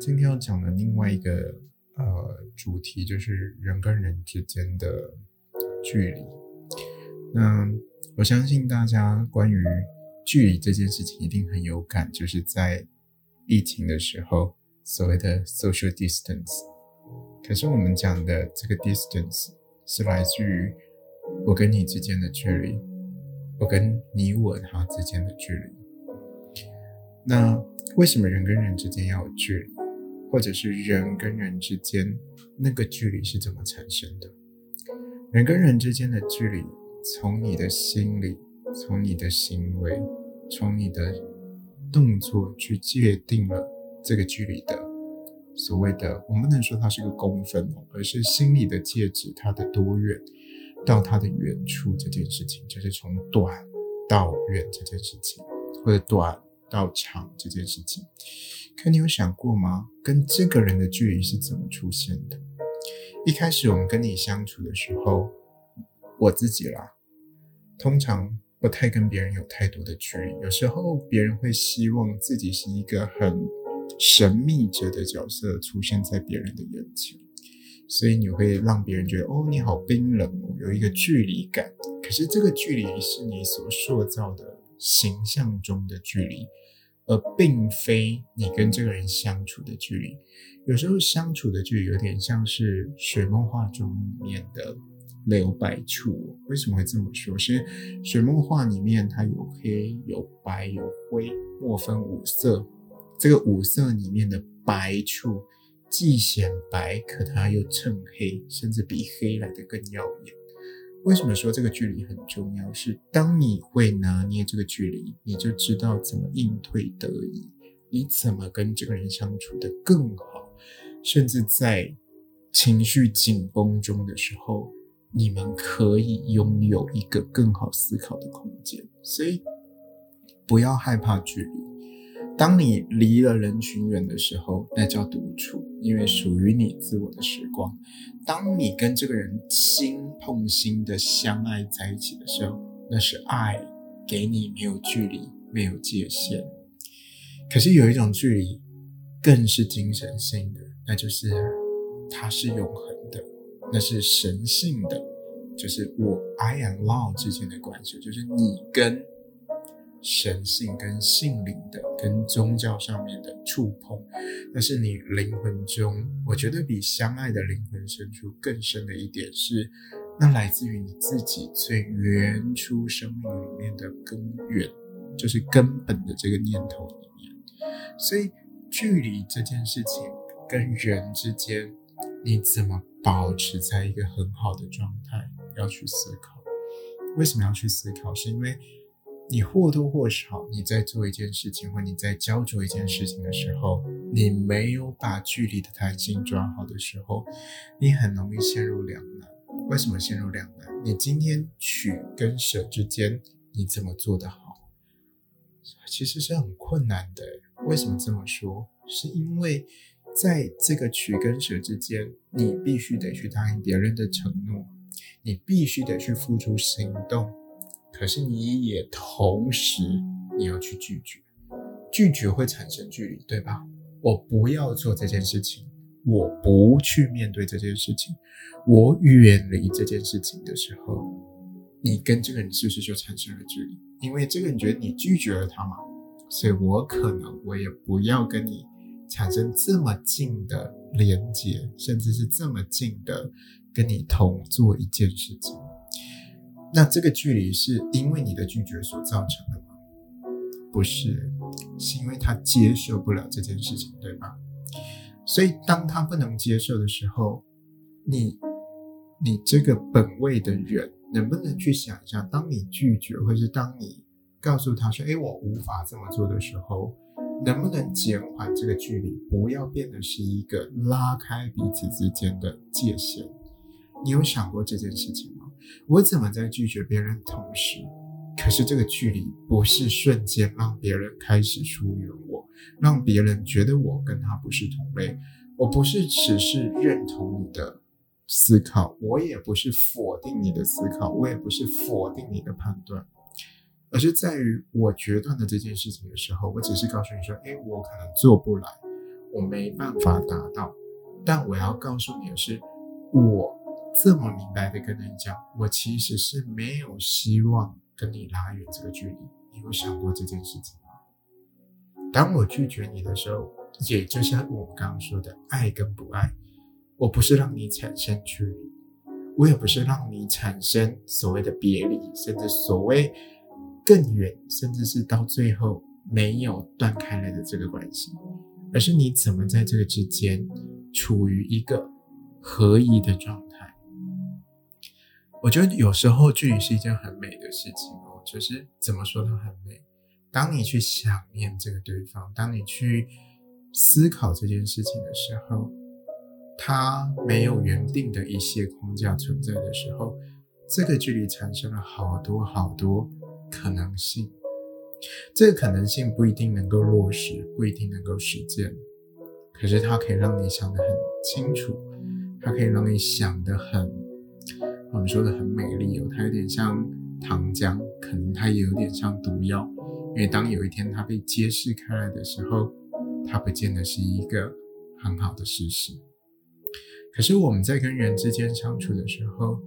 今天要講的另外一個呃主題就是人跟人之間的距離。那我相信大家關於距離這件事情一定很有感，就是在疫情的時候，所謂的 social distance。可是我們講的這個 distance 是來自於我跟你之間的距離，我跟你我他之間的距離。那為什麼人跟人之間要有距離？或者是人跟人之間那個距離是怎麼產生的？人跟人之間的距離，從你的心理，從你的行為，從你的動作去界定了這個距離的所謂的，我們不能說它是個公分哦，而是心理的戒指，它的多遠到它的遠處這件事情，就是從短到遠這件事情，或者短。到場這件事情，可你有想過嗎？跟這個人的距離是怎麼出現的？一開始我們跟你相處的時候，我自己啦，通常不太跟別人有太多的距離。有時候別人會希望自己是一個很神秘者的角色出現在別人的眼前，所以你會讓別人覺得，哦，你好冰冷哦，有一個距離感。可是這個距離是你所塑造的。形象中的距離，而並非你跟這個人相處的距離。有時候相處的距離有點像是水墨畫中裡面的留白處。為什麼會這麼說？是因為水墨畫裡面它有黑有白有灰，墨分五色。這個五色裡面的白處，既顯白，可它又襯黑，甚至比黑來的更耀眼。為什麼說這個距離很重要？是當你會拿捏這個距離，你就知道怎麼進退得宜，你怎麼跟這個人相處得更好，甚至在情緒緊繃中的時候，你們可以擁有一個更好思考的空間。所以，不要害怕距離。當你離了人群遠的時候，那叫獨處，因為屬於你自我的時光。當你跟這個人心碰心的相愛在一起的時候，那是愛給你沒有距離、沒有界限。可是有一種距離，更是精神性的，那就是它是永恆的，那是神性的，就是我 I and Thou 之間的關係，就是你跟。神性跟性靈的，跟宗教上面的觸碰，那是你靈魂中，我覺得比相愛的靈魂深處更深的一點是，那來自於你自己最原初生命裡面的根源，就是根本的這個念頭裡面。所以，距離這件事情跟人之間，你怎麼保持在一個很好的狀態，要去思考。為什麼要去思考？是因為。你或多或少你在做一件事情或你在焦灼一件事情的時候，你沒有把距離的彈性抓好的時候，你很容易陷入兩難。為什麼陷入兩難？你今天取跟舍之間你怎麼做得好？其實是很困難的。為什麼這麼說？是因為在這個取跟舍之間，你必須得去答應別人的承諾，你必須得去付出行動。可是你也同時你要去拒絕，拒絕會產生距離，對吧？我不要做這件事情，我不去面對這件事情，我遠離這件事情的時候，你跟這個人是不是就產生了距離？因為這個人你覺得你拒絕了他嘛？所以我可能我也不要跟你產生這麼近的連接，甚至是這麼近的跟你同做一件事情。那這個距離是因為你的拒絕所造成的嗎？不是，是因為他接受不了這件事情，對吧？所以當他不能接受的時候，你，你這個本位的人，能不能去想一下，當你拒絕，或是當你告訴他說：“哎，我無法這麼做的時候”，能不能減緩這個距離，不要變得是一個拉開彼此之間的界限。你有想過這件事情嗎？我怎麼在拒絕別人的同時，可是這個距離不是瞬間讓別人開始疏遠我，讓別人覺得我跟他不是同類。我不是只是認同你的思考，我也不是否定你的思考，我也不是否定你的判斷，而是在於我決斷的這件事情的時候，我只是告訴你說，哎，我可能做不來，我沒辦法達到，但我要告訴你的是，我，這麼明白的跟你講，我其實是沒有希望跟你拉遠這個距離。你有想過這件事情嗎？當我拒絕你的時候，也就像我們剛剛說的愛跟不愛，我不是讓你產生距離，我也不是讓你產生所謂的別離，甚至所謂更遠，甚至是到最後沒有斷開來的這個關係，而是你怎麼在這個之間處於一個合一的狀態。我覺得有時候距離是一件很美的事情哦，就是怎麼說它很美。當你去想念這個對方，當你去思考這件事情的時候，它沒有原定的一些框架存在的時候，這個距離產生了好多好多可能性。這個可能性不一定能夠落實，不一定能夠實踐，可是它可以讓你想得很清楚，它可以讓你想得很。我們說的很美麗哦，它有點像糖漿，可能它也有點像毒藥，因為當有一天它被揭示開來的時候，它不見得是一個很好的事實。可是我們在跟人之間相處的時候，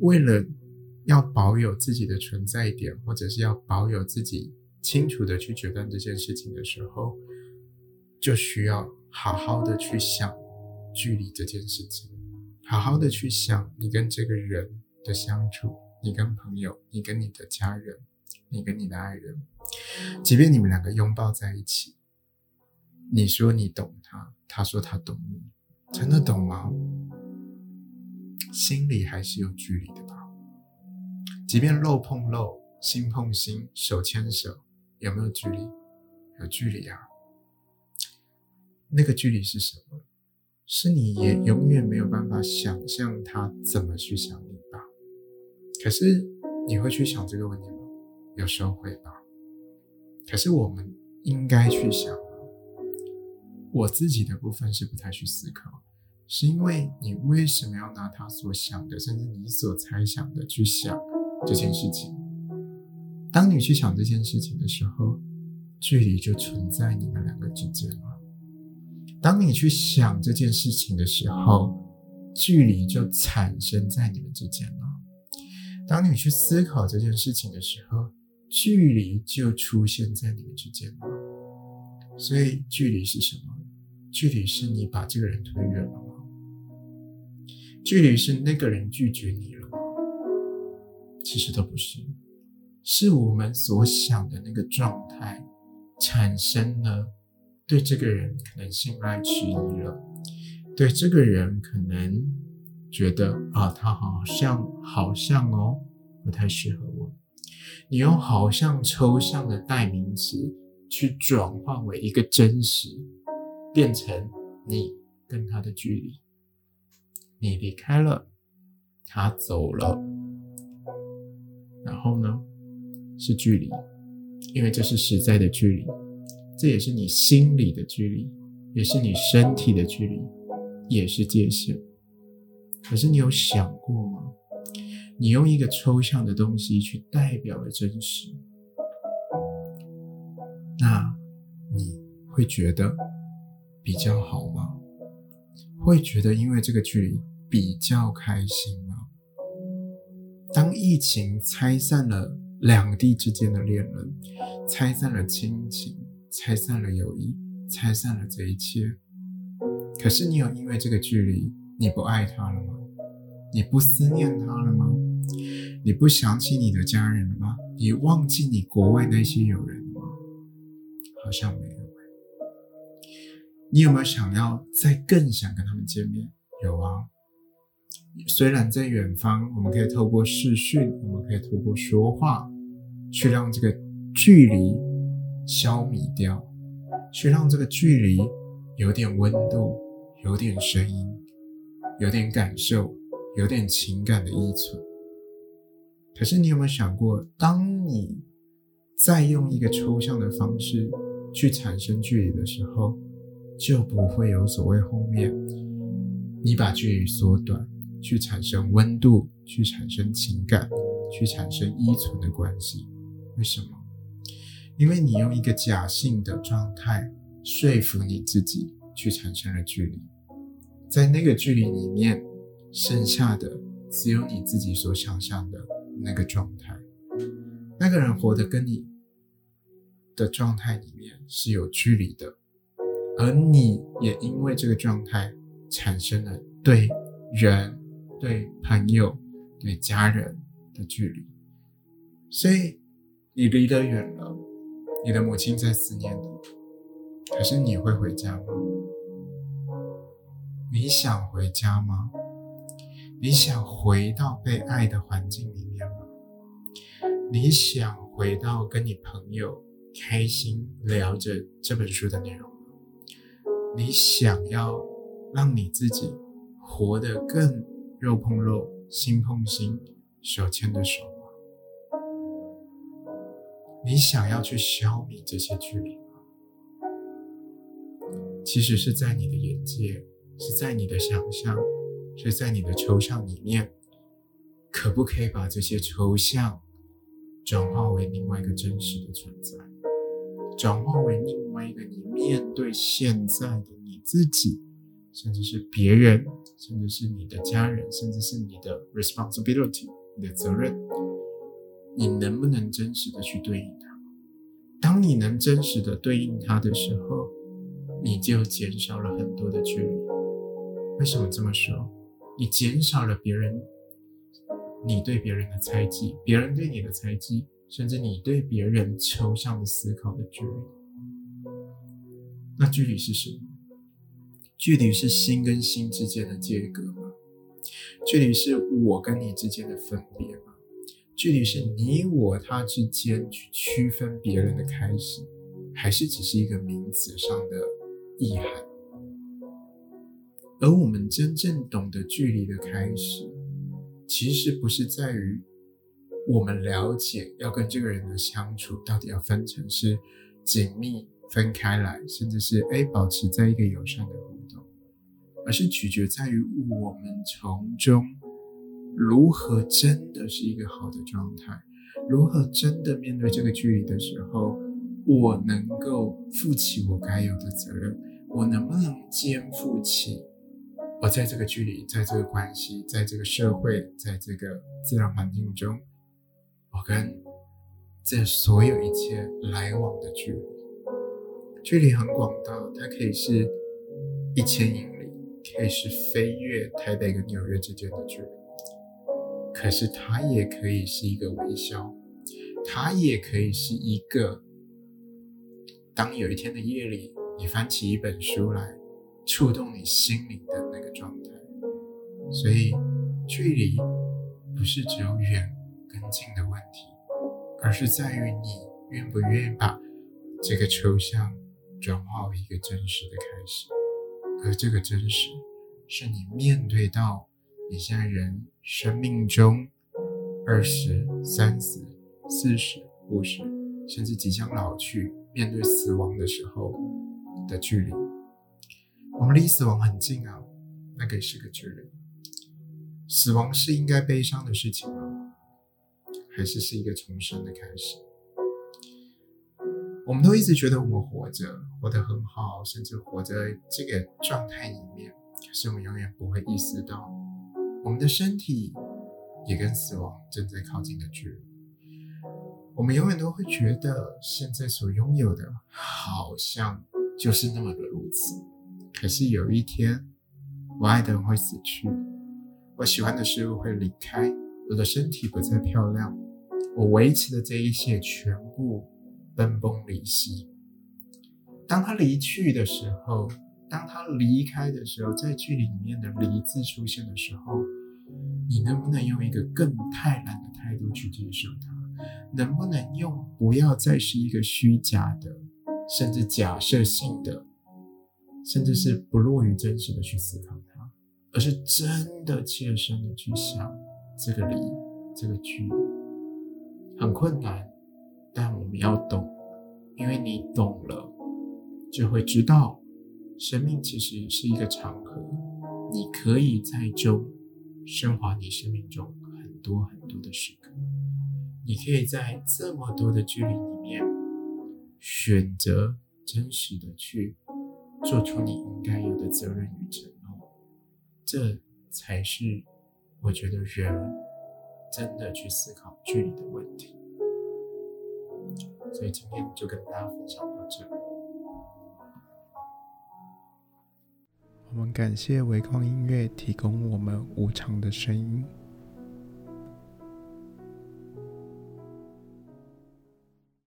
為了要保有自己的存在點，或者是要保有自己清楚的去決斷這件事情的時候，就需要好好的去想距離這件事情。好好的去想，你跟這個人的相處，你跟朋友，你跟你的家人，你跟你的愛人，即便你們兩個擁抱在一起，你說你懂他，他說他懂你，真的懂嗎？心裡還是有距離的吧？即便肉碰肉，心碰心，手牽手，有沒有距離？有距離啊。那個距離是什麼？是你也永遠沒有辦法想象他怎麼去想你吧？可是你會去想這個問題嗎？有時候會吧。可是我們應該去想嗎？我自己的部分是不太去思考，是因為你為什麼要拿他所想的，甚至你所猜想的去想這件事情？當你去想這件事情的時候，距離就存在你們兩個之間了。當你去想這件事情的時候，距離就產生在你們之間了；當你去思考這件事情的時候，距離就出現在你們之間了。所以，距離是什麼？距離是你把這個人推遠了嗎？距離是那個人拒絕你了嗎？其實都不是，是我們所想的那個狀態產生了。對這個人可能信賴遲疑了，對這個人可能覺得啊，他好像好像哦，不太適合我。你用好像抽象的代名詞去轉化為一個真實，變成你跟他的距離。你離開了，他走了，然後呢，是距離，因為這是實在的距離。這也是你心理的距離，也是你身體的距離，也是界限。可是你有想過嗎？你用一個抽象的東西去代表了真實，那你會覺得比較好嗎？會覺得因為這個距離比較開心嗎？當疫情拆散了兩地之間的戀人，拆散了親情。拆散了友誼，拆散了這一切。可是你有因為這個距離，你不愛他了嗎？你不思念他了嗎？你不想起你的家人了嗎？你忘記你國外那些友人了嗎？好像沒有。你有沒有想要再更想跟他們見面？有啊。雖然在遠方，我們可以透過視訊，我們可以透過說話，去讓這個距離消弭掉，去讓這個距離有點溫度，有點聲音，有點感受，有點情感的依存。可是你有沒有想過，當你再用一個抽象的方式去產生距離的時候，就不會有所謂後面，你把距離縮短，去產生溫度，去產生情感，去產生依存的關係？為什麼？因為你用一個假性的狀態說服你自己去產生了距離，在那個距離裡面，剩下的只有你自己所想象的那個狀態。那個人活得跟你的狀態裡面是有距離的，而你也因為這個狀態產生了對人、對朋友、對家人的距離，所以你離得遠了。你的母親在思念你，可是你會回家嗎？你想回家嗎？你想回到被愛的環境裡面嗎？你想回到跟你朋友開心聊着這本書的內容嗎？你想要讓你自己活得更肉碰肉、心碰心、手牽着手。你想要去消滅這些距離嗎？其實是在你的眼界，是在你的想象，是在你的抽象裡面，可不可以把這些抽象，轉化為另外一個真實的存在，轉化為另外一個你面對現在的你自己，甚至是別人，甚至是你的家人，甚至是你的 responsibility，你的責任。你能不能真實的去對應它？當你能真實的對應它的時候，你就減少了很多的距離。為什麼這麼說？你減少了別人，你對別人的猜忌，別人對你的猜忌，甚至你對別人抽象的思考的距離。那距離是什麼？距離是心跟心之間的間隔嗎？距離是我跟你之間的分別嗎？距離是你我他之間去區分別人的開始，還是只是一個名詞上的意涵？而我們真正懂得距離的開始，其實不是在於我們了解要跟這個人的相處到底要分成是緊密分開來，甚至是哎、欸、保持在一個友善的互動，而是取決在於我們從中。如何真的是一個好的狀態？如何真的面對這個距離的時候，我能夠負起我該有的責任？我能不能肩負起我在這個距離、在這個關係、在這個社會、在這個自然環境中，我跟這所有一切來往的距離？距離很廣大，它可以是一千英里，可以是飛越台北跟紐約之間的距離。可是它也可以是一個微笑，它也可以是一個，當有一天的夜裡，你翻起一本書來，觸動你心裡的那個狀態。所以，距離不是只有遠跟近的問題，而是在於你願不願意把這個抽象轉化為一個真實的開始。而這個真實，是你面對到。你現在人生命中二十、三十、四十、五十，甚至即將老去，面對死亡的時候的距離，我們離死亡很近啊、哦，那個是個距離。死亡是應該悲傷的事情嗎？還是是一個重生的開始？我們都一直覺得我們活着，活得很好，甚至活在這個狀態裡面，可是我們永遠不會意識到。我們的身體也跟死亡正在靠近的距離。我們永遠都會覺得現在所擁有的好像就是那麼的如此。可是有一天，我愛的人會死去，我喜歡的事物會離開，我的身體不再漂亮，我維持的這一切全部分崩離析。當他離去的時候，當他離開的時候，在距離裡面的“離”字出現的時候。你能不能用一個更泰然的態度去接受它？能不能用不要再是一個虛假的，甚至假設性的，甚至是不落於真實的去思考它，而是真的切身的去想這個理、這個距離？很困難，但我們要懂，因為你懂了，就會知道，生命其實是一個場合，你可以在中。昇華你生命中很多很多的時刻，你可以在這麼多的距離裡面，選擇真實的去做出你應該有的責任與承諾，這才是我覺得人真的去思考距離的問題。所以今天就跟大家分享。我們感謝唯光音樂提供我們無償的聲音。